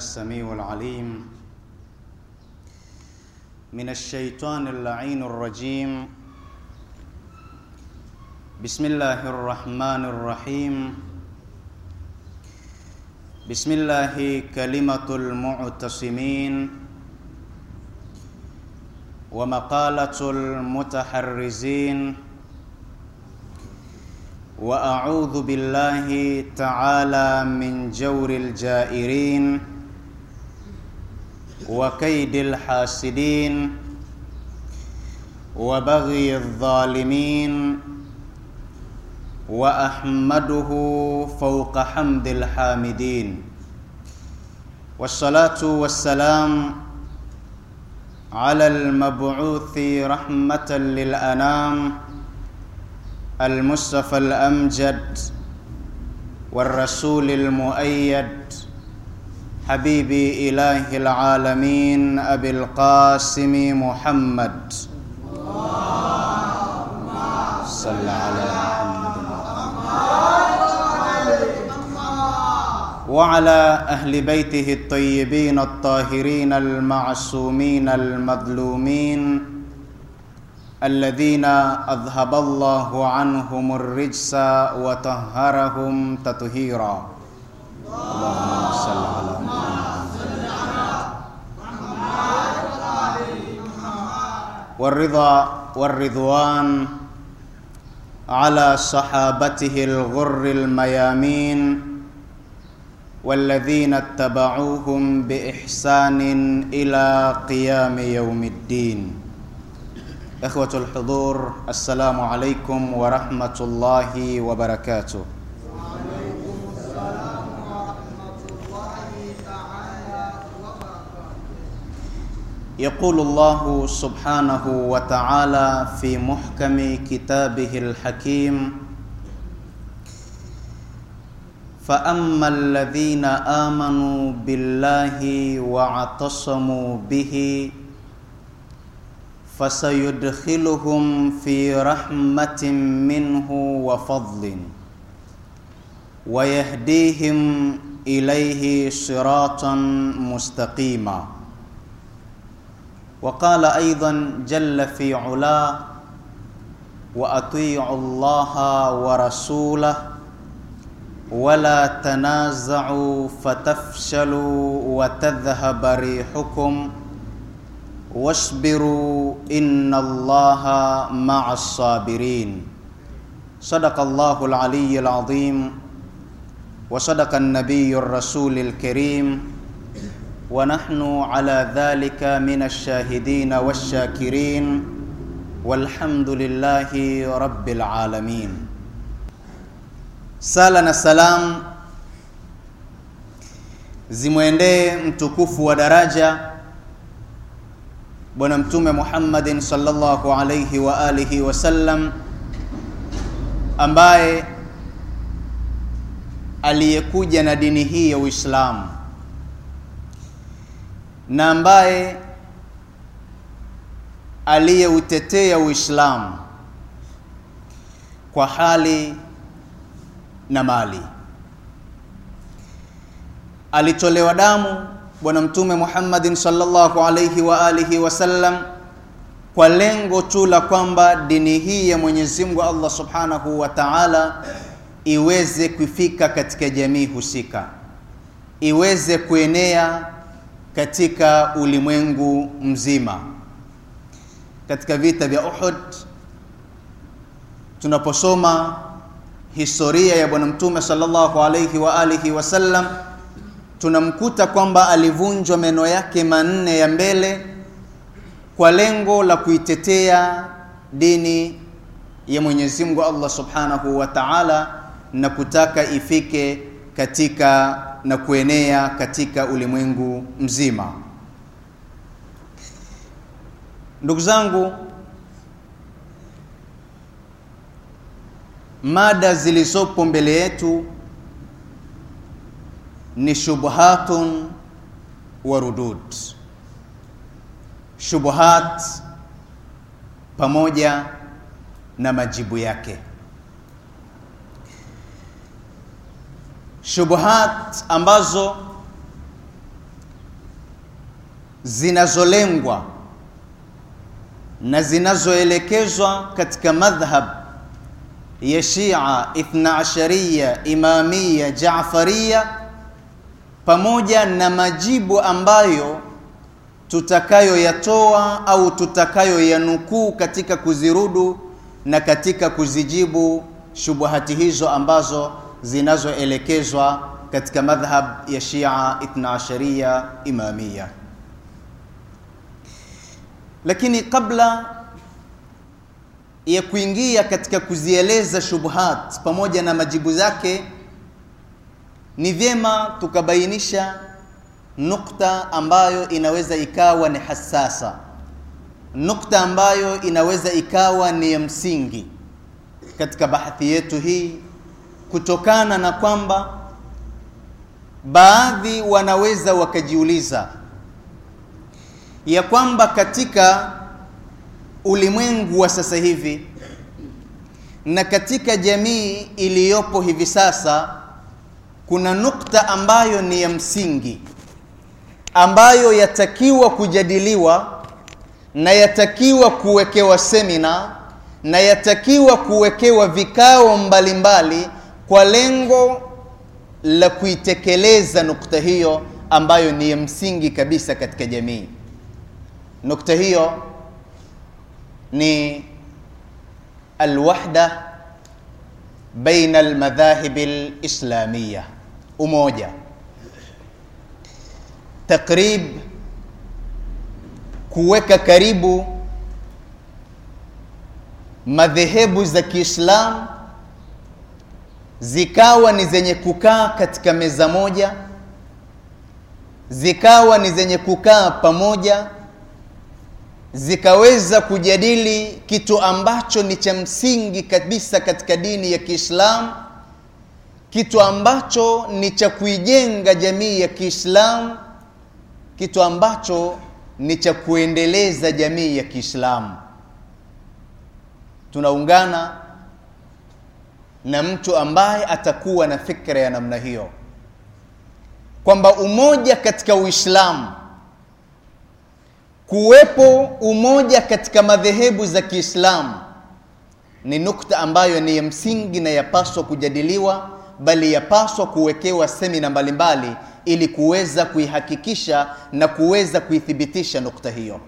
السميع العليم من الشيطان اللعين الرجيم بسم الله الرحمن الرحيم بسم الله كلمة المعتصمين ومقالة المتحرزين واعوذ بالله تعالى من جور الجائرين وكيد الحاسدين وبغي الظالمين واحمده فوق حمد الحامدين والصلاه والسلام على المبعوث رحمه للانام المصطفى الامجد والرسول المؤيد حبيبي إله العالمين أبي القاسم محمد صلى على محمد وعلى أهل بيته الطيبين الطاهرين المعصومين المظلومين الذين أذهب الله عنهم الرجس وطهرهم تطهيرا اللهم والرضا والرضوان على صحابته الغر الميامين والذين اتبعوهم باحسان الى قيام يوم الدين اخوه الحضور السلام عليكم ورحمه الله وبركاته يقول الله سبحانه وتعالى في محكم كتابه الحكيم فأما الذين آمنوا بالله واعتصموا به فسيدخلهم في رحمة منه وفضل ويهديهم إليه صراطا مستقيما وقال أيضا جل في علاه وأطيعوا الله ورسوله ولا تنازعوا فتفشلوا وتذهب ريحكم واصبروا إن الله مع الصابرين صدق الله العلي العظيم وصدق النبي الرسول الكريم ونحن على ذلك من الشاهدين والشاكرين والحمد لله رب العالمين Sala na salam zimwendee mtukufu wa daraja Bwana Mtume Muhammadin sallallahu alayhi wa alihi wasallam, ambaye aliyekuja na dini hii ya Uislamu na ambaye aliyeutetea Uislamu kwa hali na mali. Alitolewa damu Bwana Mtume Muhammadin sallallahu alayhi wa alihi wasallam kwa lengo tu la kwamba dini hii ya Mwenyezi Mungu Allah Subhanahu wa Ta'ala iweze kufika katika jamii husika, iweze kuenea katika ulimwengu mzima. Katika vita vya Uhud tunaposoma historia ya Bwana Mtume sallallahu alayhi wa alihi wasallam, tunamkuta kwamba alivunjwa meno yake manne ya mbele kwa lengo la kuitetea dini ya Mwenyezi Mungu Allah Subhanahu wa Ta'ala na kutaka ifike katika na kuenea katika ulimwengu mzima. Ndugu zangu, mada zilizopo mbele yetu ni shubhatun wa rudud, shubhat pamoja na majibu yake. shubuhat ambazo zinazolengwa na zinazoelekezwa katika madhhab ya Shia Ithna Ashariya, Imamiya, Jaafariya pamoja na majibu ambayo tutakayoyatoa au tutakayoyanukuu katika kuzirudu na katika kuzijibu shubuhati hizo ambazo zinazoelekezwa katika madhhab ya Shia Ithnaashariya Imamia. Lakini kabla ya kuingia katika kuzieleza shubuhat pamoja na majibu zake, ni vyema tukabainisha nukta ambayo inaweza ikawa ni hasasa, nukta ambayo inaweza ikawa ni ya msingi katika bahathi yetu hii kutokana na kwamba baadhi wanaweza wakajiuliza ya kwamba katika ulimwengu wa sasa hivi na katika jamii iliyopo hivi sasa kuna nukta ambayo ni ya msingi ambayo yatakiwa kujadiliwa na yatakiwa kuwekewa semina na yatakiwa kuwekewa vikao mbalimbali mbali, kwa lengo la kuitekeleza nukta hiyo ambayo ni ya msingi kabisa katika jamii. Nukta hiyo ni alwahda baina almadhahibi alislamiya, umoja, takrib, kuweka karibu madhehebu za Kiislamu zikawa ni zenye kukaa katika meza moja, zikawa ni zenye kukaa pamoja, zikaweza kujadili kitu ambacho ni cha msingi kabisa katika dini ya Kiislamu, kitu ambacho ni cha kuijenga jamii ya Kiislamu, kitu ambacho ni cha kuendeleza jamii ya Kiislamu. Tunaungana na mtu ambaye atakuwa na fikra ya namna hiyo kwamba umoja katika Uislamu, kuwepo umoja katika madhehebu za Kiislamu ni nukta ambayo ni ya msingi na yapaswa kujadiliwa, bali yapaswa kuwekewa semina mbalimbali ili kuweza kuihakikisha na kuweza kuithibitisha nukta hiyo.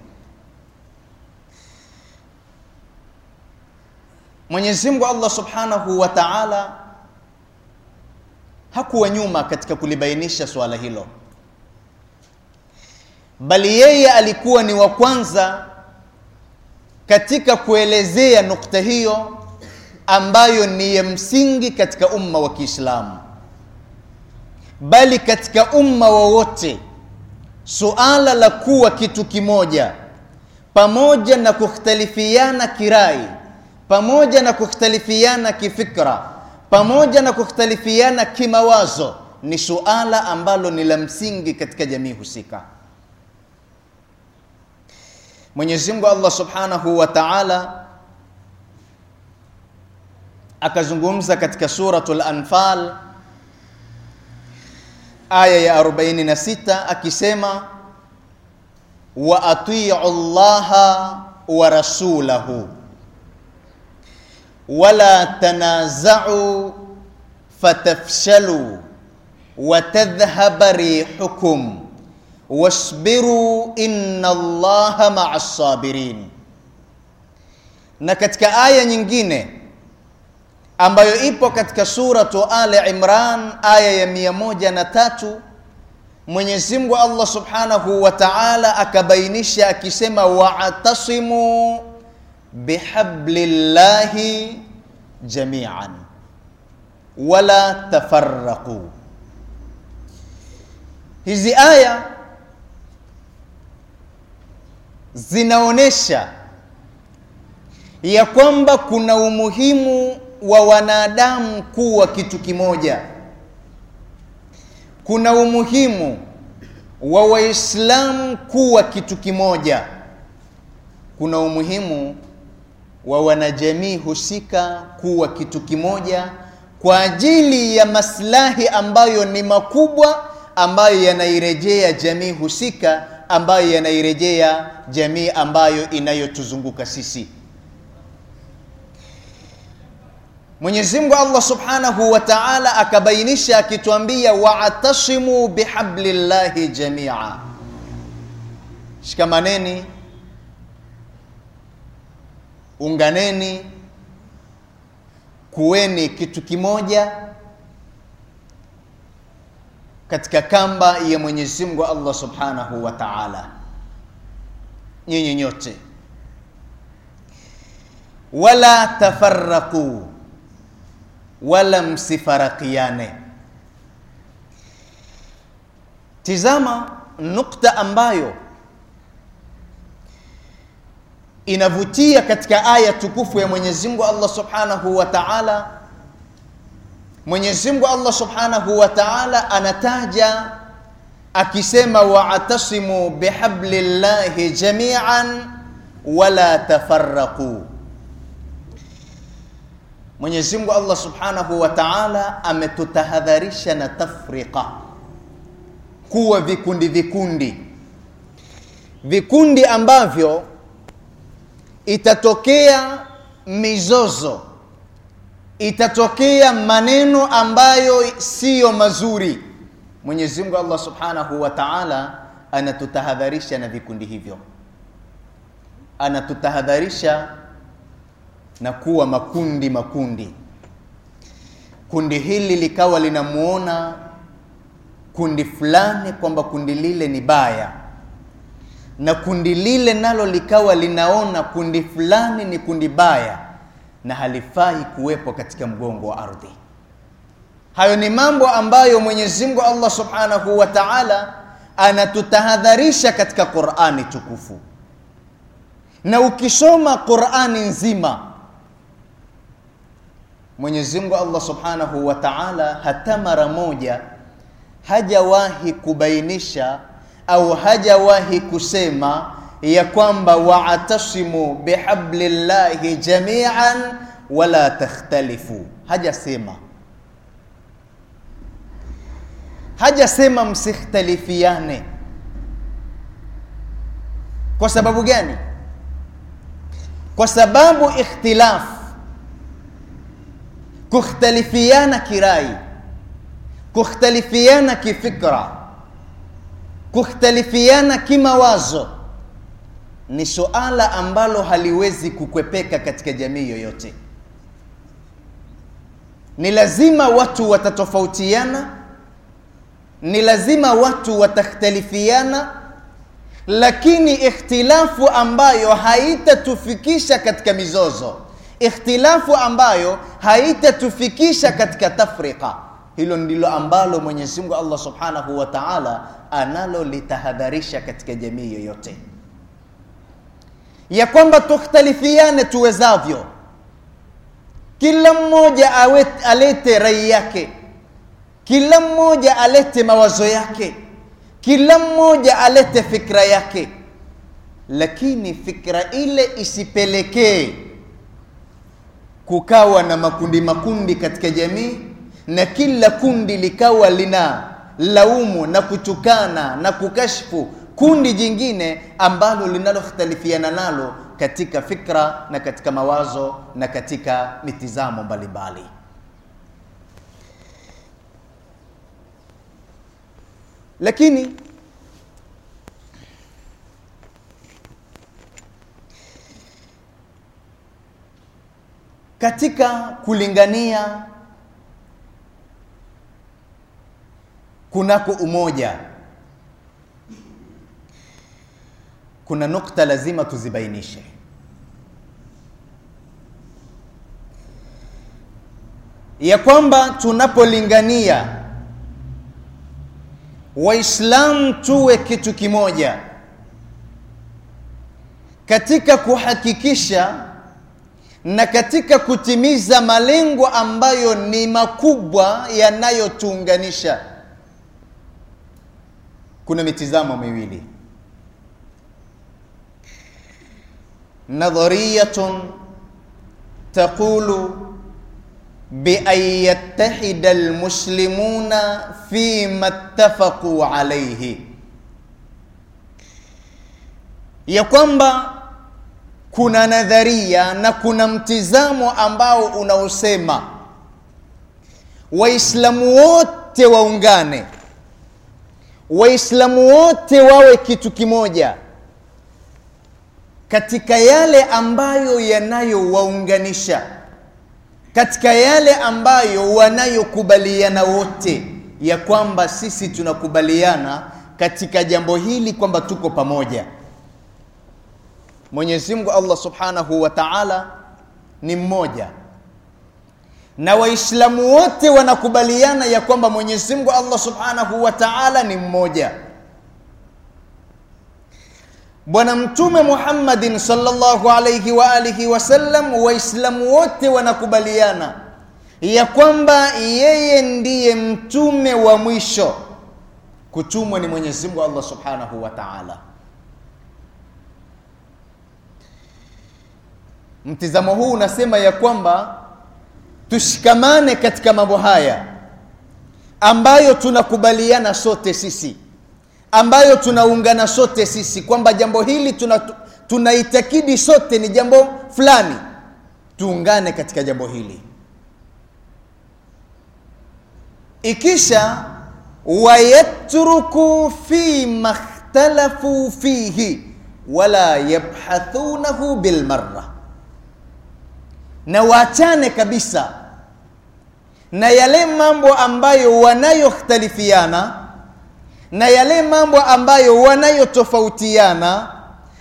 Mwenyezi Mungu Allah Subhanahu wa Ta'ala hakuwa nyuma katika kulibainisha swala hilo, bali yeye alikuwa ni wa kwanza katika kuelezea nukta hiyo ambayo ni ya msingi katika umma wa Kiislamu, bali katika umma wowote, suala la kuwa kitu kimoja pamoja na kukhtalifiana kirai pamoja na kukhtalifiana kifikra pamoja na kukhtalifiana kimawazo ni suala ambalo ni la msingi katika jamii husika Mwenyezi Mungu Allah Subhanahu wa Ta'ala akazungumza katika suratul Anfal aya ya 46 akisema wa atiu Allaha wa rasulahu wala tanaza'u fatafshalu watadhhaba rihukum wasbiru inna Allaha maa sabirin. Na katika aya nyingine ambayo ipo katika suratu Ale Imran aya ya mia moja na tatu Mwenyezi Mungu Allah Subhanahu wa Ta'ala akabainisha akisema, wa'tasimu bihablillahi jami'an wala tafarraqu. Hizi aya zinaonesha ya kwamba kuna umuhimu wa wanadamu kuwa kitu kimoja. Kuna umuhimu wa Waislamu kuwa kitu kimoja. Kuna umuhimu wa wanajamii husika kuwa kitu kimoja kwa ajili ya maslahi ambayo ni makubwa ambayo yanairejea jamii husika ambayo yanairejea jamii ambayo inayotuzunguka sisi. Mwenyezi Mungu Allah Subhanahu wa Ta'ala akabainisha akituambia, wa'tashimu bihablillahi jamia, shikamaneni unganeni, kuweni kitu kimoja katika kamba ya Mwenyezi Mungu Allah Subhanahu wa Ta'ala, nyinyi nyote wala tafarraqu, wala msifarakiane. Tizama nukta ambayo inavutia katika aya tukufu ya Mwenyezi Mungu Allah Subhanahu wa Ta'ala. Mwenyezi Mungu Allah Subhanahu wa Ta'ala anataja akisema, wa'tasimu bihablillahi jami'an wala tafarraqu. Mwenyezi Mungu Allah Subhanahu wa Ta'ala ametutahadharisha na tafriqa, kuwa vikundi vikundi vikundi ambavyo itatokea mizozo, itatokea maneno ambayo siyo mazuri. Mwenyezi Mungu Allah Subhanahu wa Ta'ala anatutahadharisha na vikundi hivyo, anatutahadharisha na kuwa makundi makundi. Kundi hili likawa linamuona kundi fulani kwamba kundi lile ni baya na kundi lile nalo likawa linaona kundi fulani ni kundi baya na halifai kuwepo katika mgongo wa ardhi. Hayo ni mambo ambayo Mwenyezi Mungu Allah Subhanahu wa Ta'ala anatutahadharisha katika Qur'ani tukufu. Na ukisoma Qur'ani nzima, Mwenyezi Mungu Allah Subhanahu wa Ta'ala hata mara moja hajawahi kubainisha au hajawahi kusema ya kwamba waatasimu bihablillahi jamian wala takhtalifu, hajasema hajasema msikhtalifiane. Kwa sababu gani? Kwa sababu ikhtilaf, kukhtalifiana kirai, kukhtalifiana kifikra Kukhtalifiana kimawazo ni suala ambalo haliwezi kukwepeka katika jamii yoyote. Ni lazima watu watatofautiana, ni lazima watu watakhtalifiana, lakini ikhtilafu ambayo haitatufikisha katika mizozo, ikhtilafu ambayo haitatufikisha katika tafrika hilo ndilo ambalo Mwenyezi Mungu Allah Subhanahu wa Ta'ala analolitahadharisha katika jamii yoyote, ya kwamba tukhtalifiane tuwezavyo, kila mmoja awet, alete rai yake, kila mmoja alete mawazo yake, kila mmoja alete fikra yake, lakini fikra ile isipelekee kukawa na makundi makundi katika jamii na kila kundi likawa lina laumu na kutukana na kukashfu kundi jingine ambalo linalokhtalifiana nalo katika fikra na katika mawazo na katika mitizamo mbalimbali. Lakini katika kulingania kunako umoja. Kuna nukta lazima tuzibainishe. ya kwamba tunapolingania waislam tuwe kitu kimoja katika kuhakikisha na katika kutimiza malengo ambayo ni makubwa yanayotuunganisha kuna mitizamo miwili nadhariyatun taqulu bian يتحد المسلمون fima اتفقوا عليه ya kwamba kuna nadharia na kuna mtizamo ambao unaosema waislamu wote waungane Waislamu wote wawe kitu kimoja katika yale ambayo yanayowaunganisha, katika yale ambayo wanayokubaliana wote, ya kwamba sisi tunakubaliana katika jambo hili kwamba tuko pamoja. Mwenyezi Mungu Allah Subhanahu wa Ta'ala ni mmoja na Waislamu wote wanakubaliana ya kwamba Mwenyezi Mungu Allah Subhanahu wa Ta'ala ni mmoja. Bwana Mtume Muhammadin sallallahu alayhi wa alihi wasallam, Waislamu wote wanakubaliana ya kwamba yeye ndiye mtume wa mwisho kutumwa ni Mwenyezi Mungu Allah Subhanahu wa Ta'ala. Mtizamo huu unasema ya kwamba tushikamane katika mambo haya ambayo tunakubaliana sote sisi ambayo tunaungana sote sisi kwamba jambo hili tuna, tunaitakidi sote ni jambo fulani tuungane katika jambo hili ikisha wayatruku fi makhtalafu fihi wala yabhathunahu bilmarra na waachane kabisa na yale mambo ambayo wanayokhtalifiana na yale mambo ambayo wanayotofautiana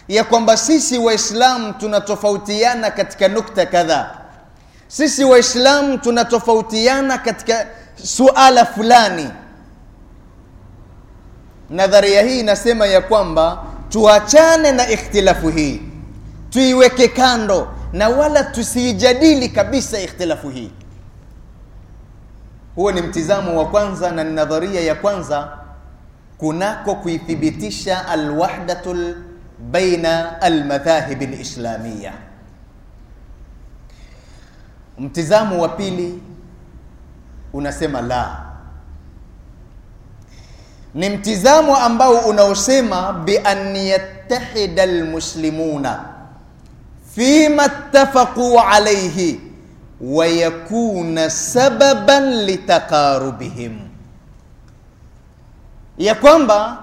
ya kwamba sisi Waislamu tunatofautiana katika nukta kadhaa. Sisi Waislamu tunatofautiana katika suala fulani. Nadharia hii inasema ya kwamba tuachane na ikhtilafu hii, tuiweke kando na wala tusiijadili kabisa ikhtilafu hii. Huo ni mtizamo wa kwanza na ni nadharia ya kwanza kunako kuithibitisha alwahdatul baina almadhahib alislamia. Mtizamo wa pili unasema la, ni mtizamo ambao unaosema bi an yattahida almuslimuna fima ittafaqu alayhi wayakuna sababan litaqarubihim, ya kwamba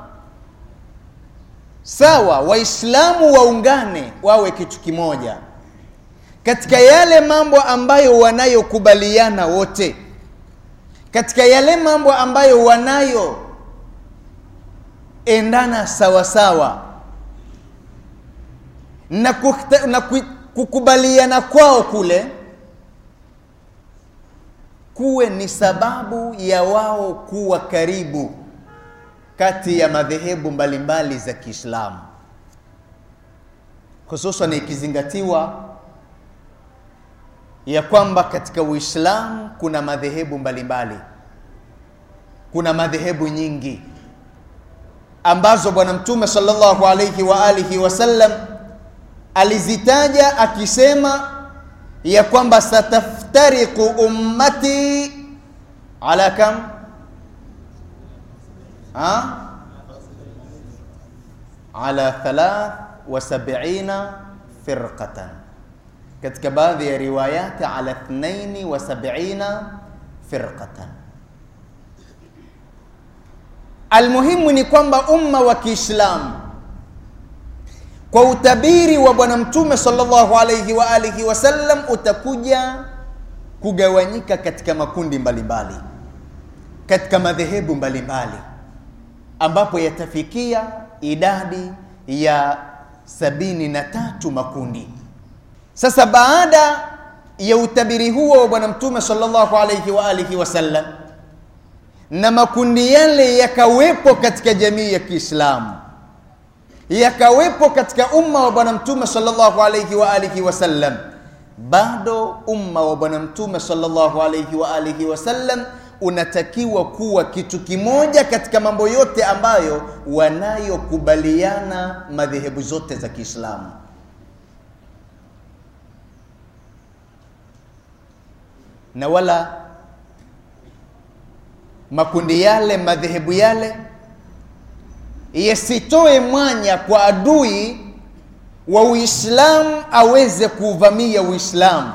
sawa Waislamu waungane wawe kitu kimoja katika yale mambo ambayo wanayokubaliana wote, katika yale mambo ambayo wanayoendana sawasawa na kukubaliana kwao kule kuwe ni sababu ya wao kuwa karibu kati ya madhehebu mbalimbali za Kiislamu, hususan ikizingatiwa ya kwamba katika Uislamu kuna madhehebu mbalimbali, kuna madhehebu nyingi ambazo Bwana Mtume sallallahu alayhi wa alihi wasallam alizitaja akisema ya kwamba sataftariqu ummati ala kam ha ala thalath wa sab'ina firqatan katika baadhi ya riwayati ala thnaini wa sab'ina firqatan almuhimu ni kwamba umma wa Kiislamu kwa utabiri wa bwana mtume sallallahu alayhi wa alihi wasallam utakuja kugawanyika katika makundi mbalimbali mbali, katika madhehebu mbalimbali ambapo yatafikia idadi ya sabini na tatu makundi. Sasa baada ya utabiri huo wa bwana mtume sallallahu alayhi wa alihi wasallam na makundi yale yakawepo katika jamii ya Kiislamu yakawepo katika umma wa bwana mtume sallallahu alayhi wa alihi wasallam bado umma wa bwana mtume sallallahu alayhi wa alihi wasallam unatakiwa kuwa kitu kimoja katika mambo yote ambayo wanayokubaliana madhehebu zote za Kiislamu. Na wala makundi yale, madhehebu yale yasitoe mwanya kwa adui wa Uislamu aweze kuuvamia Uislamu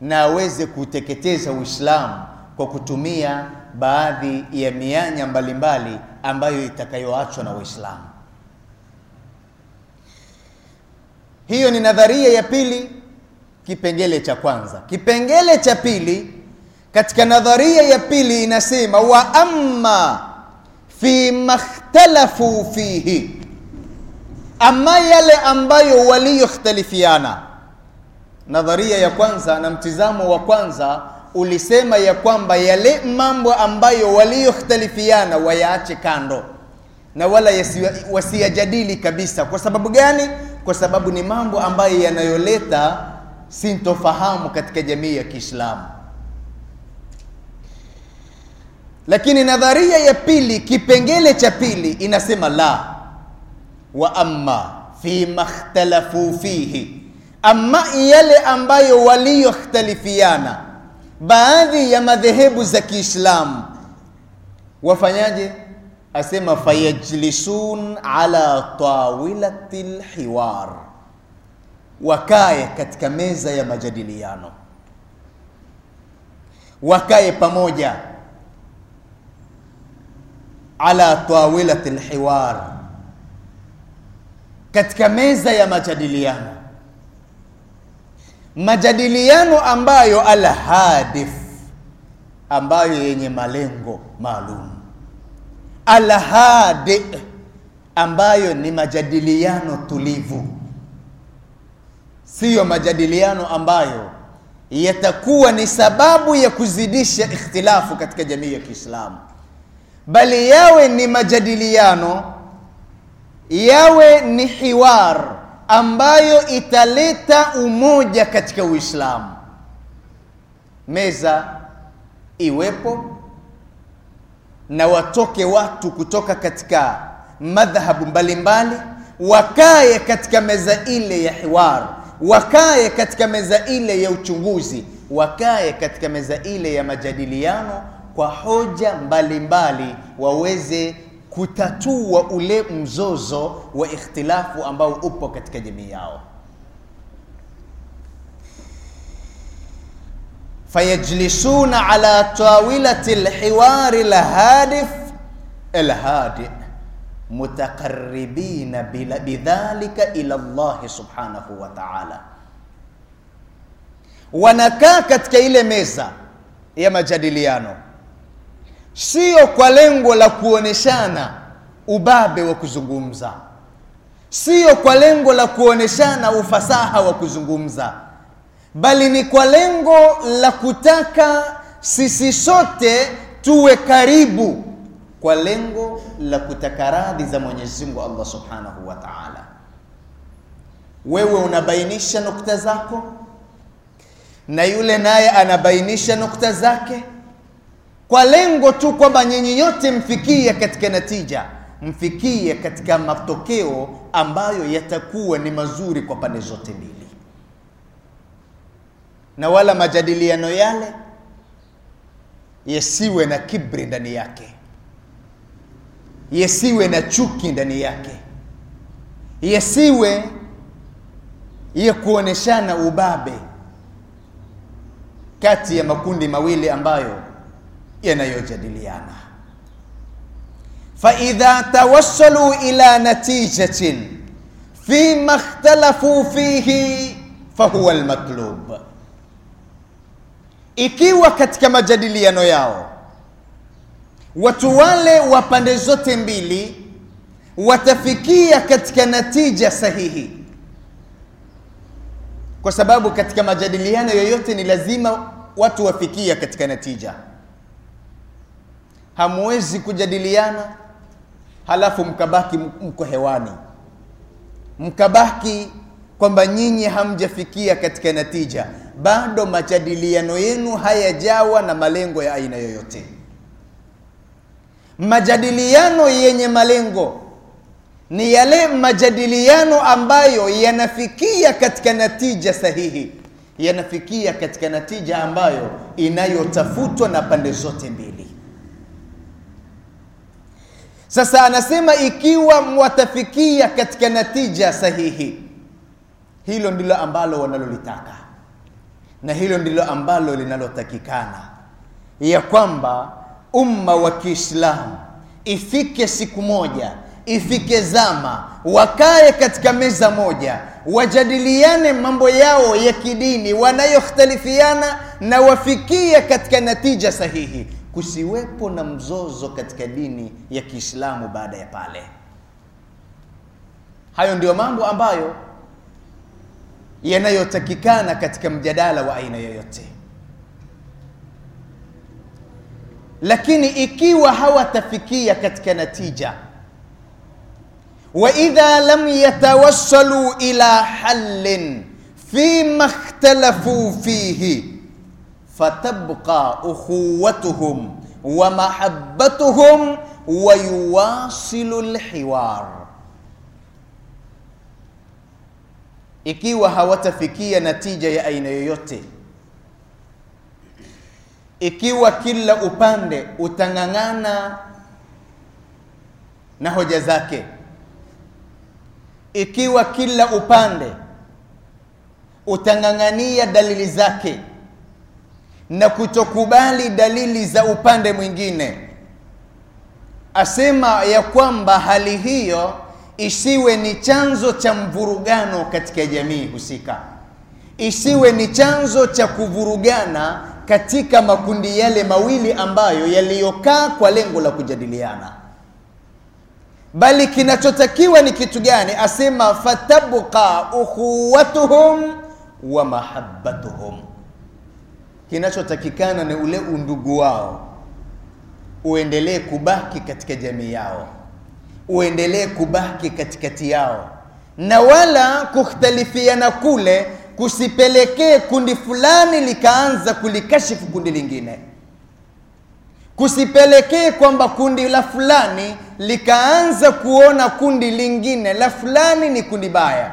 na aweze kuuteketeza Uislamu kwa kutumia baadhi ya mianya mbalimbali mbali ambayo itakayoachwa na Waislamu. Hiyo ni nadharia ya pili, kipengele cha kwanza. Kipengele cha pili katika nadharia ya pili inasema wa amma fi ikhtalafu fihi, ama yale ambayo waliyohtalifiana. Nadharia ya kwanza na mtizamo wa kwanza ulisema ya kwamba yale mambo ambayo waliyohtalifiana wayaache kando na wala wasiyajadili kabisa. Kwa sababu gani? Kwa sababu ni mambo ambayo yanayoleta sintofahamu katika jamii ya Kiislamu. Lakini nadharia ya pili, kipengele cha pili inasema la wa amma fima makhtalafu fihi, amma yale ambayo waliyokhtalifiana baadhi ya madhehebu za Kiislamu wafanyaje? Asema fayajlisun ala tawilati lhiwar, wakae katika meza ya majadiliano, wakae pamoja ala tawilati alhiwar, katika meza ya majadiliano, majadiliano ambayo alhadif, ambayo yenye malengo maalum, alhadi, ambayo ni majadiliano tulivu, siyo majadiliano ambayo yatakuwa ni sababu ya kuzidisha ikhtilafu katika jamii ya Kiislamu bali yawe ni majadiliano, yawe ni hiwar ambayo italeta umoja katika Uislamu. Meza iwepo na watoke watu kutoka katika madhhabu mbalimbali, wakae katika meza ile ya hiwar, wakae katika meza ile ya uchunguzi, wakae katika meza ile ya majadiliano kwa hoja mbalimbali mbali, waweze kutatua ule mzozo wa ikhtilafu ambao upo katika jamii yao. Fayajlisuna ala tawilati lhiwari lhadif lhadi mutaqarribina bidhalika ila Allahi subhanahu wa ta'ala, wanakaa katika ile meza ya majadiliano sio kwa lengo la kuoneshana ubabe wa kuzungumza, sio kwa lengo la kuoneshana ufasaha wa kuzungumza, bali ni kwa lengo la kutaka sisi sote tuwe karibu, kwa lengo la kutaka radhi za Mwenyezi Mungu Allah Subhanahu wa Ta'ala. Wewe unabainisha nukta zako na yule naye anabainisha nukta zake kwa lengo tu kwamba nyinyi nyote mfikie katika natija, mfikie katika matokeo ambayo yatakuwa ni mazuri kwa pande zote mbili, na wala majadiliano yale yasiwe na kibri ndani yake, yasiwe na chuki ndani yake, yasiwe ya kuoneshana ubabe kati ya makundi mawili ambayo yanayojadiliana. Fa idha tawassalu ila natijatin ma ikhtalafu fihi fahuwa almatlub, ikiwa katika majadiliano yao watu wale wa pande zote mbili watafikia katika natija sahihi, kwa sababu katika majadiliano yoyote ni lazima watu wafikia katika natija hamwezi kujadiliana, halafu mkabaki mko hewani, mkabaki kwamba nyinyi hamjafikia katika natija, bado majadiliano yenu hayajawa na malengo ya aina yoyote. Majadiliano yenye malengo ni yale majadiliano ambayo yanafikia katika natija sahihi, yanafikia katika natija ambayo inayotafutwa na pande zote mbili. Sasa anasema ikiwa watafikia katika natija sahihi, hilo ndilo ambalo wanalolitaka na hilo ndilo ambalo linalotakikana, ya kwamba umma wa Kiislamu ifike siku moja, ifike zama, wakae katika meza moja, wajadiliane mambo yao ya kidini wanayokhtalifiana na wafikie katika natija sahihi kusiwepo na mzozo katika dini ya Kiislamu baada ya pale. Hayo ndiyo mambo ambayo yanayotakikana katika mjadala wa aina yoyote. Lakini ikiwa hawatafikia katika natija, wa idha lam yatawassalu ila hallin fima ikhtalafu fihi fatabqa ukhuwatuhum wa mahabbatuhum wa yuwasilu lhiwar. Ikiwa hawatafikia natija ya aina yoyote, ikiwa kila upande utang'ang'ana na hoja zake, ikiwa kila upande utang'ang'ania dalili zake na kutokubali dalili za upande mwingine. Asema ya kwamba hali hiyo isiwe ni chanzo cha mvurugano katika jamii husika, isiwe ni chanzo cha kuvurugana katika makundi yale mawili ambayo yaliyokaa kwa lengo la kujadiliana, bali kinachotakiwa ni kitu gani? Asema fatabqa ukhuwatuhum wa mahabbatuhum kinachotakikana ni ule undugu wao uendelee kubaki katika jamii yao, uendelee kubaki katikati yao, na wala kukhtalifiana kule kusipelekee kundi fulani likaanza kulikashifu kundi lingine, kusipelekee kwamba kundi la fulani likaanza kuona kundi lingine la fulani ni kundi baya,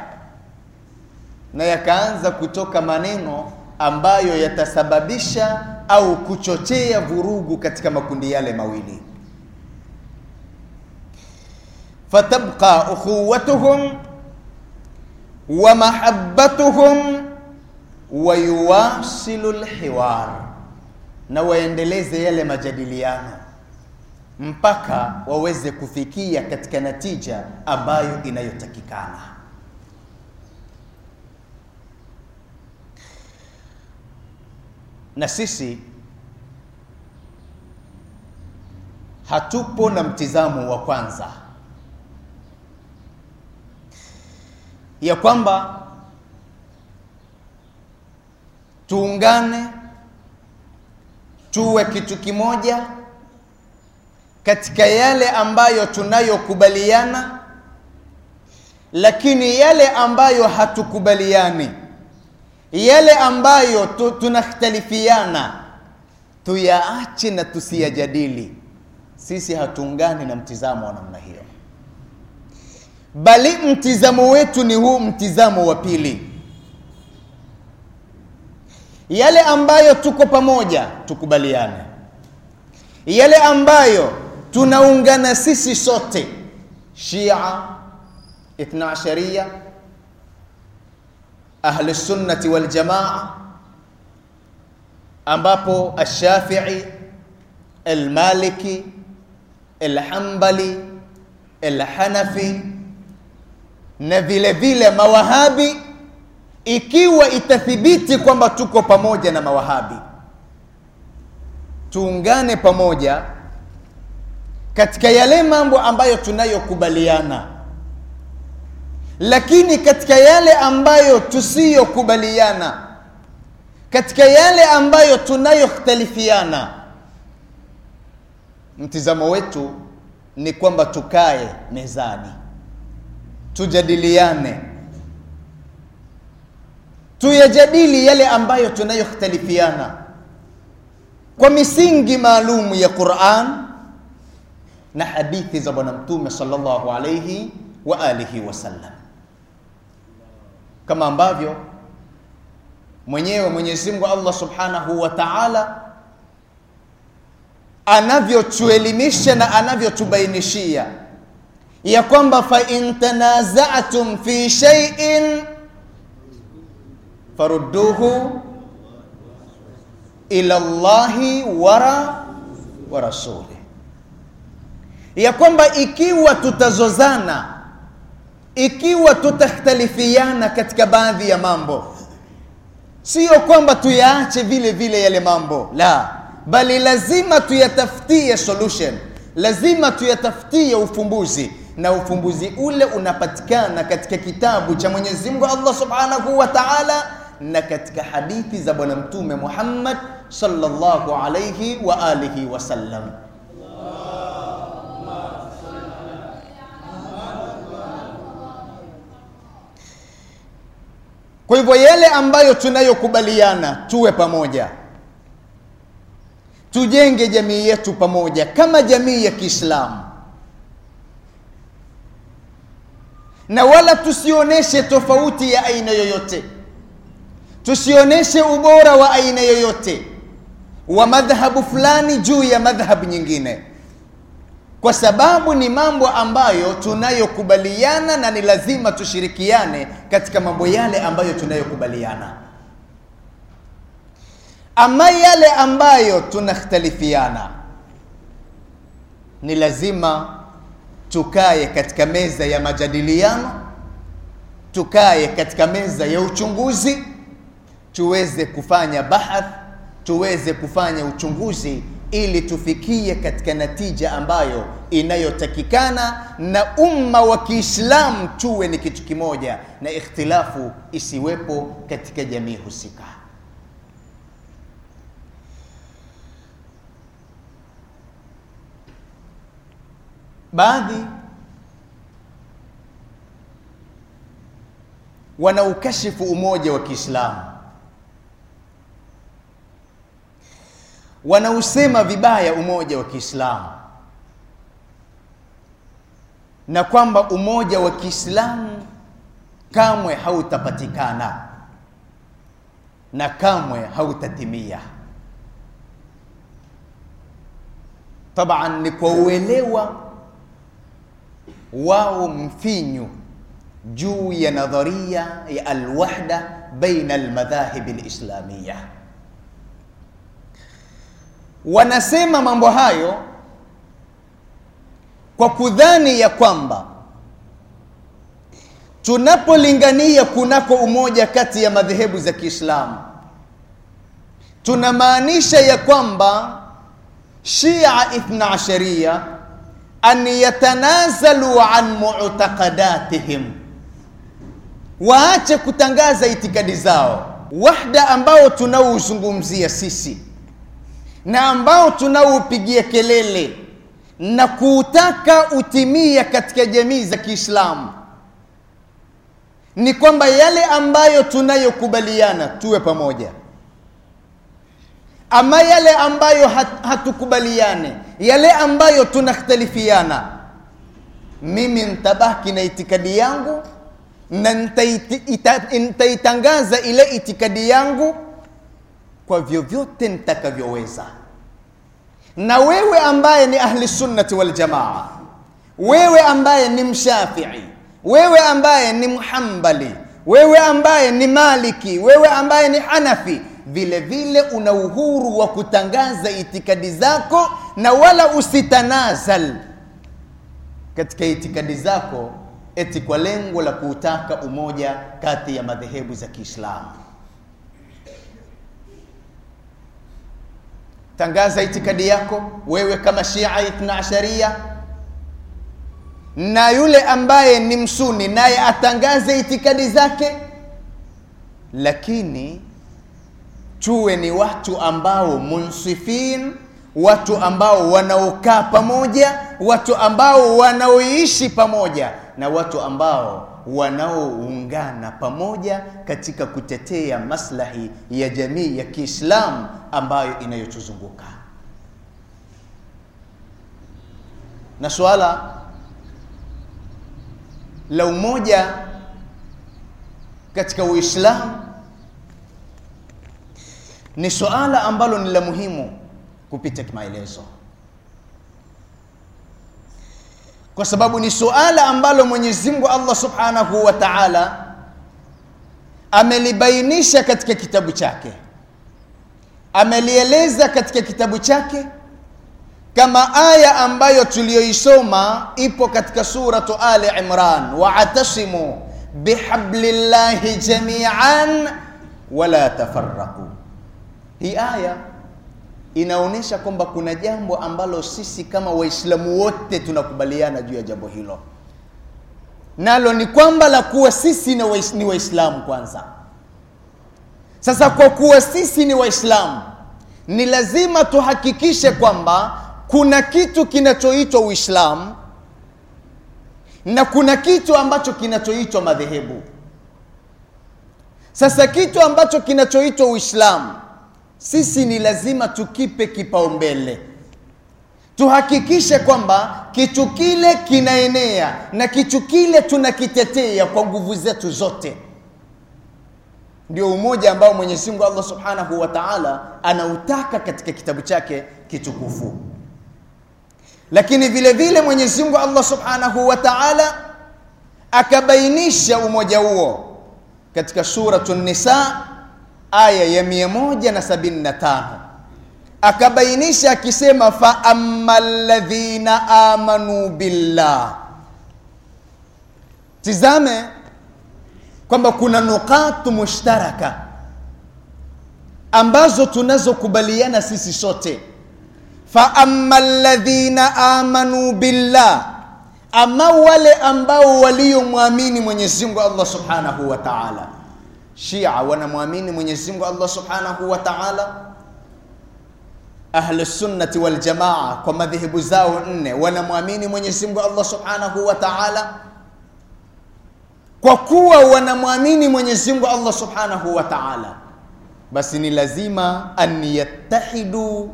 na yakaanza kutoka maneno ambayo yatasababisha au kuchochea vurugu katika makundi yale mawili. Fatabqa ukhuwatuhum wa mahabbatuhum wa yuwasilu lhiwar, na waendeleze yale majadiliano mpaka waweze kufikia katika natija ambayo inayotakikana. na sisi hatupo na mtizamo wa kwanza ya kwamba tuungane tuwe kitu kimoja katika yale ambayo tunayokubaliana, lakini yale ambayo hatukubaliani yale ambayo tu, tunakhtalifiana tuyaache na tusiyajadili. Sisi hatuungani na mtizamo wa namna hiyo, bali mtizamo wetu ni huu mtizamo wa pili, yale ambayo tuko pamoja tukubaliane, yale ambayo tunaungana sisi sote, Shia Ithna ahlu sunnati wal jamaa, ambapo Ash-Shafi'i, Al-Maliki, Al-Hanbali, Al-Hanafi na vile vile mawahabi, ikiwa itathibiti kwamba tuko pamoja na mawahabi, tuungane pamoja katika yale mambo ambayo tunayokubaliana lakini katika yale ambayo tusiyokubaliana, katika yale ambayo tunayokhtalifiana, mtizamo wetu ni kwamba tukae mezani, tujadiliane, tuyajadili yale ambayo tunayokhtalifiana kwa misingi maalum ya Qur'an na hadithi za Bwana Mtume sallallahu alayhi wa alihi wasallam kama ambavyo mwenyewe Mwenyezi Mungu Allah Subhanahu wa Ta'ala anavyotuelimisha na anavyotubainishia ya kwamba fa in tanaza'tum fi shay'in farudduhu ila Allahi wara wa rasuli, ya kwamba ikiwa tutazozana ikiwa tutakhtalifiana katika baadhi ya mambo, sio kwamba tuyaache vile vile yale mambo la, bali lazima tuyatafutie solution, lazima tuyatafutie ufumbuzi, na ufumbuzi ule unapatikana katika kitabu cha Mwenyezi Mungu Allah Subhanahu wa Ta'ala na katika hadithi za Bwana Mtume Muhammad sallallahu alayhi wa alihi wasallam. Kwa hivyo yale ambayo tunayokubaliana tuwe pamoja, tujenge jamii yetu pamoja kama jamii ya Kiislamu, na wala tusionyeshe tofauti ya aina yoyote, tusionyeshe ubora wa aina yoyote wa madhhabu fulani juu ya madhhabu nyingine kwa sababu ni mambo ambayo tunayokubaliana na ni lazima tushirikiane katika mambo yale ambayo tunayokubaliana. Ama yale ambayo tunakhtalifiana, ni lazima tukaye katika meza ya majadiliano, tukaye katika meza ya uchunguzi, tuweze kufanya bahath, tuweze kufanya uchunguzi ili tufikie katika natija ambayo inayotakikana na umma wa Kiislamu, tuwe ni kitu kimoja na ikhtilafu isiwepo katika jamii husika. Baadhi wanaukashifu umoja wa Kiislamu wanausema vibaya umoja wa Kiislamu na kwamba umoja wa Kiislamu kamwe hautapatikana na kamwe hautatimia. Taban ni kwa uelewa wao mfinyu juu ya nadharia ya alwahda baina almadhahibi alislamiyah wanasema mambo hayo kwa kudhani ya kwamba tunapolingania kunako umoja kati ya madhehebu za Kiislamu tunamaanisha ya kwamba Shia Ithna Asharia an yatanazalu an mu'taqadatihim, waache kutangaza itikadi zao. Wahda ambao tunaouzungumzia sisi na ambao tunaupigia kelele na kuutaka utimia katika jamii za Kiislamu ni kwamba yale ambayo tunayokubaliana tuwe pamoja, ama yale ambayo hatukubaliane, yale ambayo tunakhtalifiana, mimi nitabaki na itikadi yangu na nitaitangaza ile itikadi yangu kwa vyovyote nitakavyoweza. Na wewe ambaye ni ahli sunnati wal jamaa, wewe ambaye ni mshafii, wewe ambaye ni muhambali, wewe ambaye ni maliki, wewe ambaye ni hanafi vile vile una uhuru wa kutangaza itikadi zako, na wala usitanazal katika itikadi zako, eti kwa lengo la kuutaka umoja kati ya madhehebu za Kiislamu. tangaza itikadi yako wewe kama Shia Ithna Asharia, na yule ambaye ni msuni naye atangaze itikadi zake, lakini tuwe ni watu ambao munsifin, watu ambao wanaokaa pamoja, watu ambao wanaoishi pamoja na watu ambao wanaoungana pamoja katika kutetea maslahi ya jamii ya Kiislamu ambayo inayotuzunguka. Na suala la umoja katika Uislamu ni suala ambalo ni la muhimu kupita kimaelezo. kwa sababu ni suala ambalo Mwenyezi Mungu Allah Subhanahu wa Ta'ala amelibainisha katika kitabu chake, amelieleza katika kitabu chake kama aya ambayo tuliyoisoma ipo katika suratu Ali Imran, waatasimu bihablillahi jamian wala tafarraqu. Hii aya inaonyesha kwamba kuna jambo ambalo sisi kama Waislamu wote tunakubaliana juu ya jambo hilo, nalo ni kwamba la kuwa sisi ni Waislamu kwanza. Sasa kwa kuwa sisi ni Waislamu, ni lazima tuhakikishe kwamba kuna kitu kinachoitwa Uislamu na kuna kitu ambacho kinachoitwa madhehebu. Sasa kitu ambacho kinachoitwa Uislamu sisi ni lazima tukipe kipaumbele, tuhakikishe kwamba kitu kile kinaenea na kitu kile tunakitetea kwa nguvu zetu zote. Ndio umoja ambao Mwenyezi Mungu Allah Subhanahu wa Ta'ala anautaka katika kitabu chake kitukufu. Lakini vile vile Mwenyezi Mungu Allah Subhanahu wa Ta'ala akabainisha umoja huo katika suratu Nisa aya ya 175 akabainisha akisema, fa amma lladhina amanu billah. Tizame kwamba kuna nukatu mushtaraka ambazo tunazokubaliana sisi sote. Fa amma lladhina amanu billah, ama wale ambao waliomwamini Mwenyezi Mungu Allah subhanahu wa ta'ala Shia wanamwamini Mwenyezi Mungu Allah Subhanahu wa Ta'ala. Ahlu Sunnati wal Jamaa kwa madhehebu zao nne wanamwamini Mwenyezi Mungu Allah Subhanahu wa Ta'ala. Kwa kuwa wanamwamini Mwenyezi Mungu Allah Subhanahu wa Ta'ala, basi ni lazima an yattahidu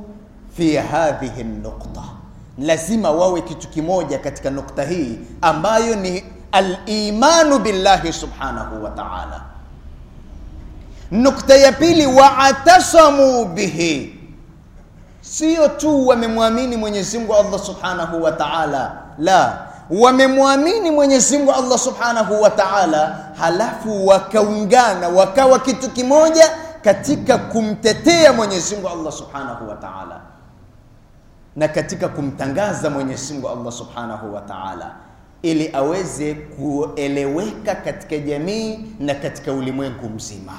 fi hadhihi nukta, lazima wawe kitu kimoja katika nukta hii ambayo ni al-imanu billahi subhanahu wa ta'ala Nukta ya pili, waatasamu bihi, sio tu wamemwamini Mwenyezi Mungu Allah Subhanahu wa Ta'ala, la wamemwamini Mwenyezi Mungu Allah Subhanahu wa Ta'ala, halafu wakaungana wakawa kitu kimoja katika kumtetea Mwenyezi Mungu Allah Subhanahu wa Ta'ala na katika kumtangaza Mwenyezi Mungu Allah Subhanahu wa Ta'ala ili aweze kueleweka katika jamii na katika ulimwengu mzima.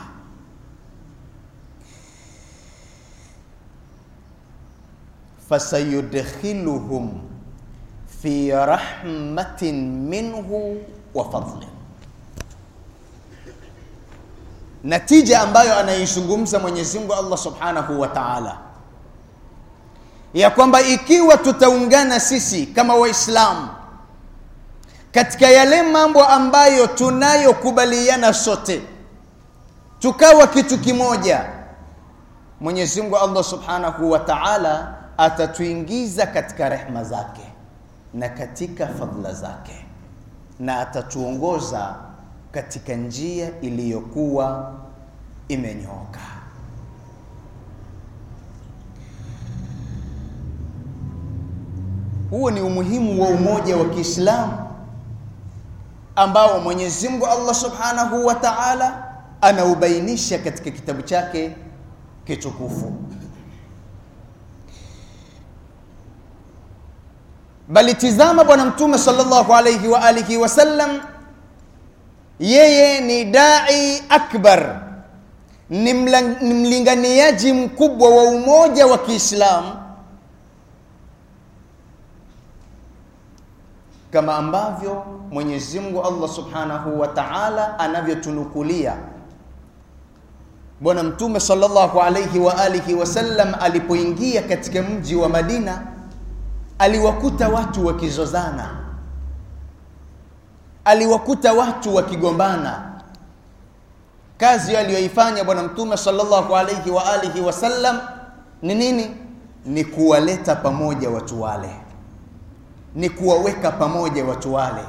fasayudkhiluhum fi rahmatin minhu wa fadli. Natija ambayo anaizungumza Mwenyezi Mungu Allah Subhanahu wa Ta'ala, ya kwamba ikiwa tutaungana sisi kama Waislamu katika yale mambo ambayo tunayokubaliana sote, tukawa kitu kimoja, Mwenyezi Mungu Allah Subhanahu wa Ta'ala atatuingiza katika rehma zake na katika fadhila zake na atatuongoza katika njia iliyokuwa imenyoka Huo ni umuhimu wa umoja wa Kiislamu ambao Mwenyezi Mungu Allah Subhanahu wa Ta'ala anaubainisha katika kitabu chake kitukufu. Bali tizama Bwana Mtume sallallahu alayhi wa alihi wasallam, yeye ni dai akbar, ni mlinganiaji mkubwa wa umoja wa Kiislamu, kama ambavyo Mwenyezi Mungu Allah Subhanahu wa Ta'ala anavyotunukulia Bwana Mtume sallallahu alayhi wa alihi wasallam alipoingia katika mji wa Madina aliwakuta watu wakizozana, aliwakuta watu wakigombana. Kazi aliyoifanya Bwana Mtume sallallahu alayhi wa alihi wasallam ni nini? Ni kuwaleta pamoja watu wale, ni kuwaweka pamoja watu wale,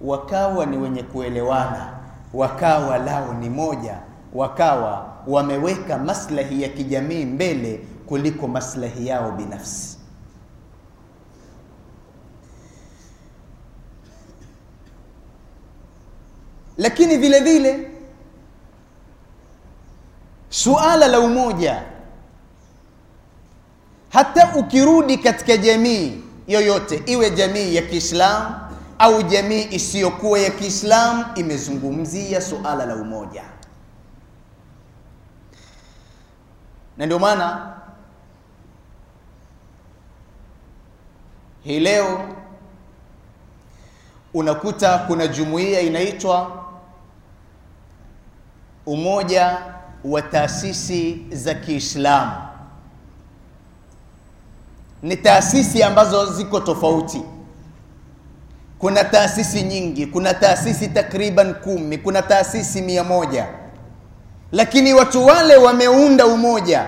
wakawa ni wenye kuelewana, wakawa lao ni moja, wakawa wameweka maslahi ya kijamii mbele kuliko maslahi yao binafsi. lakini vile vile suala la umoja hata ukirudi katika jamii yoyote iwe jamii ya Kiislamu au jamii isiyokuwa ya Kiislamu imezungumzia suala la umoja, na ndio maana hii leo unakuta kuna jumuiya inaitwa umoja wa taasisi za Kiislamu ni taasisi ambazo ziko tofauti. Kuna taasisi nyingi, kuna taasisi takriban kumi, kuna taasisi mia moja, lakini watu wale wameunda umoja.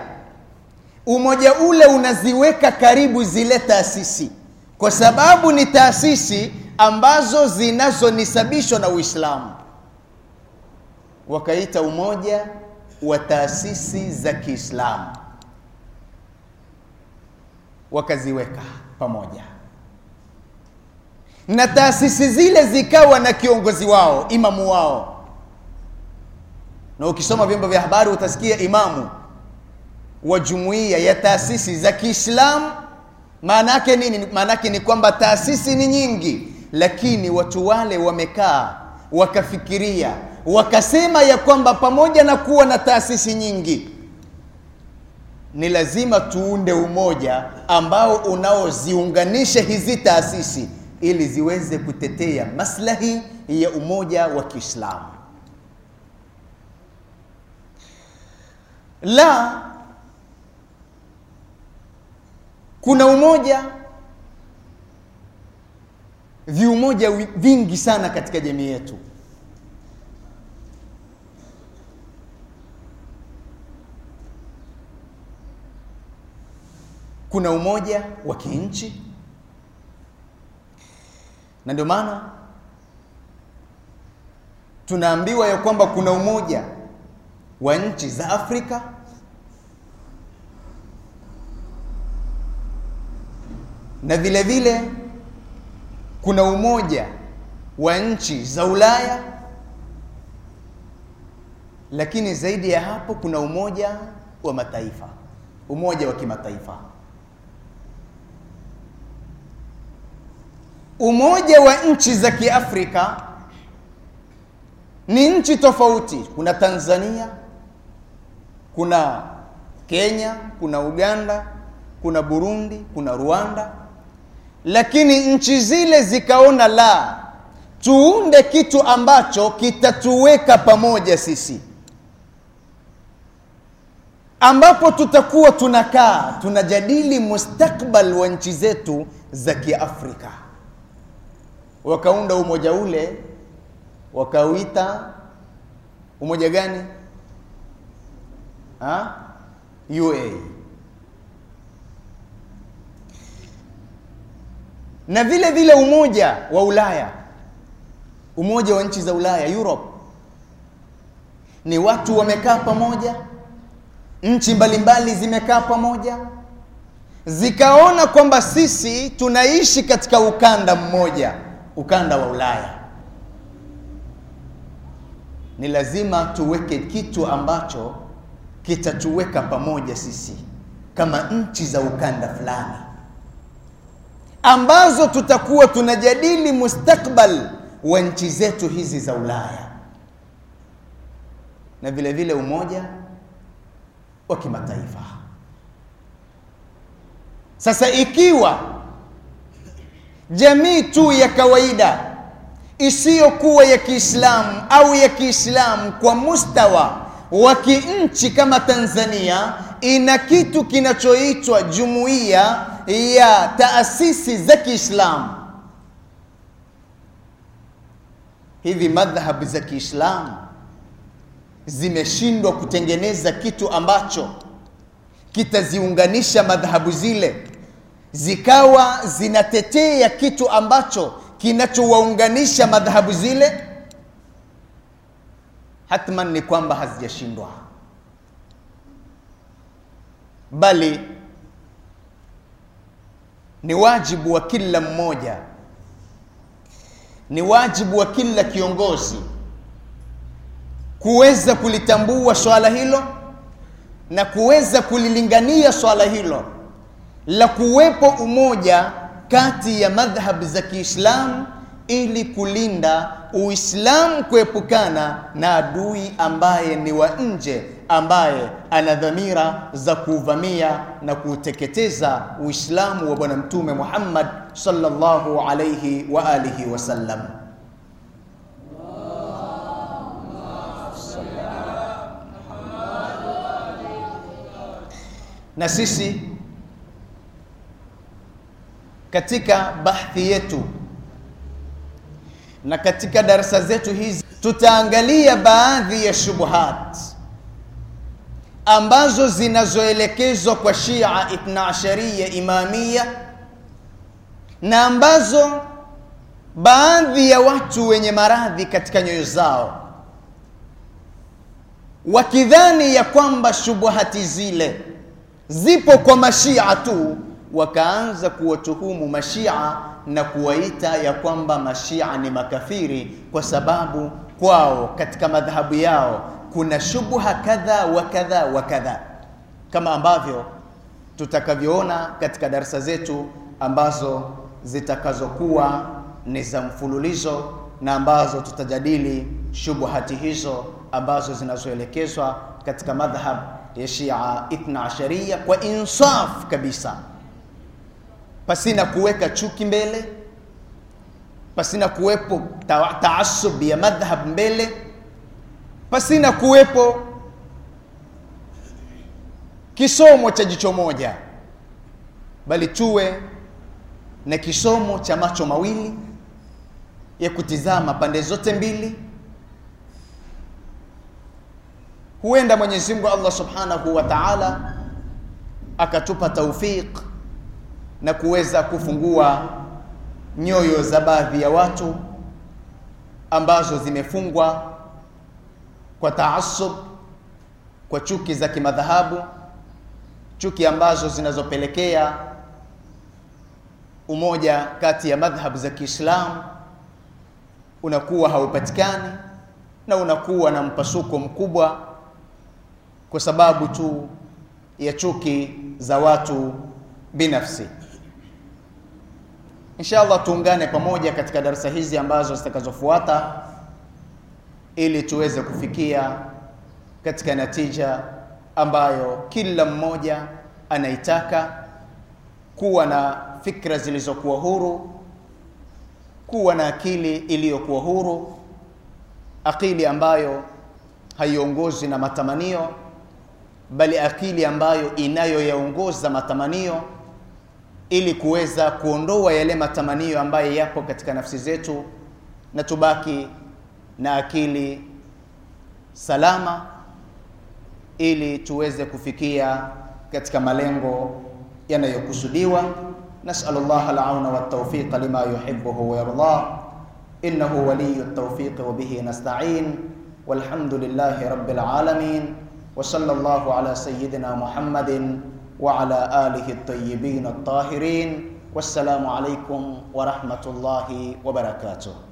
Umoja ule unaziweka karibu zile taasisi, kwa sababu ni taasisi ambazo zinazonisabishwa na Uislamu wakaita umoja wa taasisi za Kiislamu wakaziweka pamoja na taasisi zile zikawa na kiongozi wao, imamu wao. Na ukisoma vyombo vya habari utasikia imamu wa jumuiya ya taasisi za Kiislamu. Maana yake nini? Maana yake ni kwamba taasisi ni nyingi, lakini watu wale wamekaa wakafikiria wakasema ya kwamba pamoja na kuwa na taasisi nyingi ni lazima tuunde umoja ambao unaoziunganisha hizi taasisi ili ziweze kutetea maslahi ya umoja wa Kiislamu. La, kuna umoja viumoja vingi sana katika jamii yetu. kuna umoja wa kinchi, na ndio maana tunaambiwa ya kwamba kuna umoja wa nchi za Afrika na vile vile kuna umoja wa nchi za Ulaya, lakini zaidi ya hapo kuna umoja wa mataifa, umoja wa kimataifa. umoja wa nchi za Kiafrika ni nchi tofauti. Kuna Tanzania, kuna Kenya, kuna Uganda, kuna Burundi, kuna Rwanda, lakini nchi zile zikaona la, tuunde kitu ambacho kitatuweka pamoja sisi, ambapo tutakuwa tunakaa tunajadili mustakbal wa nchi zetu za Kiafrika wakaunda umoja ule wakauita umoja gani ha? UA na vile vile umoja wa Ulaya, umoja wa nchi za Ulaya Europe, ni watu wamekaa pamoja, nchi mbalimbali zimekaa pamoja, zikaona kwamba sisi tunaishi katika ukanda mmoja ukanda wa Ulaya, ni lazima tuweke kitu ambacho kitatuweka pamoja sisi kama nchi za ukanda fulani ambazo tutakuwa tunajadili mustakbal wa nchi zetu hizi za Ulaya na vile vile umoja wa kimataifa. Sasa ikiwa jamii tu ya kawaida isiyokuwa ya Kiislamu au ya Kiislamu kwa mustawa wa kinchi kama Tanzania ina kitu kinachoitwa jumuiya ya taasisi za Kiislamu. Hivi madhhabu za Kiislamu zimeshindwa kutengeneza kitu ambacho kitaziunganisha madhhabu zile zikawa zinatetea kitu ambacho kinachowaunganisha madhahabu zile, hatman ni kwamba hazijashindwa, bali ni wajibu wa kila mmoja, ni wajibu wa kila kiongozi kuweza kulitambua swala hilo na kuweza kulilingania swala hilo la kuwepo umoja kati ya madhhab za Kiislamu ili kulinda Uislamu kuepukana na adui ambaye ni wa nje ambaye ana dhamira za kuuvamia na kuuteketeza Uislamu wa Bwana Mtume Muhammad sallallahu alayhi wa alihi wasallam. Na sisi katika bahthi yetu na katika darasa zetu hizi tutaangalia baadhi ya shubuhat ambazo zinazoelekezwa kwa Shia Ithnaashariya Imamia na ambazo baadhi ya watu wenye maradhi katika nyoyo zao wakidhani ya kwamba shubuhati zile zipo kwa mashia tu wakaanza kuwatuhumu mashia na kuwaita ya kwamba mashia ni makafiri, kwa sababu kwao katika madhahabu yao kuna shubha kadha wa kadha wa kadha, kama ambavyo tutakavyoona katika darasa zetu ambazo zitakazokuwa ni za mfululizo na ambazo tutajadili shubuhati hizo ambazo zinazoelekezwa katika madhhab ya Shia Ithna asharia kwa insaf kabisa pasina kuweka chuki mbele, pasina kuwepo taasubi ya madhhab mbele, pasina kuwepo kisomo cha jicho moja, bali tuwe na kisomo cha macho mawili ya kutizama pande zote mbili. Huenda Mwenyezi Mungu Allah Subhanahu wa Ta'ala akatupa taufiq na kuweza kufungua nyoyo za baadhi ya watu ambazo zimefungwa kwa taasub, kwa chuki za kimadhahabu, chuki ambazo zinazopelekea umoja kati ya madhhabu za Kiislamu unakuwa haupatikani na unakuwa na mpasuko mkubwa kwa sababu tu ya chuki za watu binafsi. Inshallah tuungane pamoja katika darasa hizi ambazo zitakazofuata ili tuweze kufikia katika natija ambayo kila mmoja anaitaka kuwa na fikra zilizokuwa huru, kuwa na akili iliyokuwa huru, akili ambayo haiongozi na matamanio, bali akili ambayo inayoyaongoza matamanio ili kuweza kuondoa yale matamanio ambayo yapo katika nafsi zetu na tubaki na akili salama ili tuweze kufikia katika malengo yanayokusudiwa. llah alauna waltawfiqa lima yuhibbuhu wa yardah innahu waliyu ltawfiqi wa bihi nasta'in walhamdulillahi rabbil alamin wa sallallahu ala sayyidina Muhammadin وعلى آله الطيبين الطاهرين والسلام عليكم ورحمة الله وبركاته